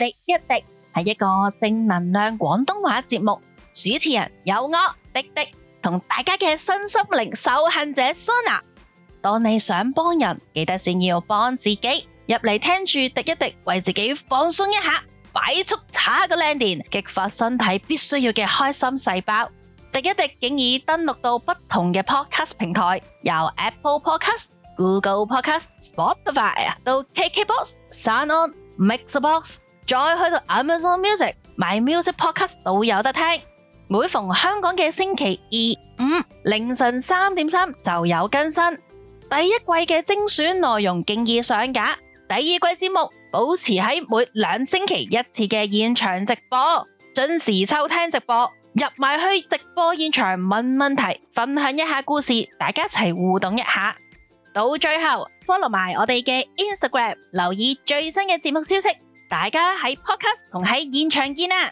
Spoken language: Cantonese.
廸一廸係一個正能量廣東話節目，主持人有我廸廸同大家嘅身心靈修行者 Sona，當你想幫人，記得先要幫自己。入嚟聽住廸一廸，為自己放鬆一下，快速查個靚電，激發身體必須要嘅開心細胞。廸一廸經已登陸到不同嘅 podcast 平台，由 Apple Podcast、Google Podcast、Spotify 啊，到 KKBox、SoundOn、Mixbox。再去到 Amazon Music 買 Music Podcast 都有得聽。每逢香港嘅星期二、五凌晨三點三就有更新。第一季嘅精選內容經已上架。第二季節目保持喺每兩星期一次嘅現場直播，準時收聽直播，入埋去直播現場問問題，分享一下故事，大家一齊互動一下。到最後 follow 埋我哋嘅 Instagram，留意最新嘅節目消息。大家喺 Podcast 同喺現場見啦！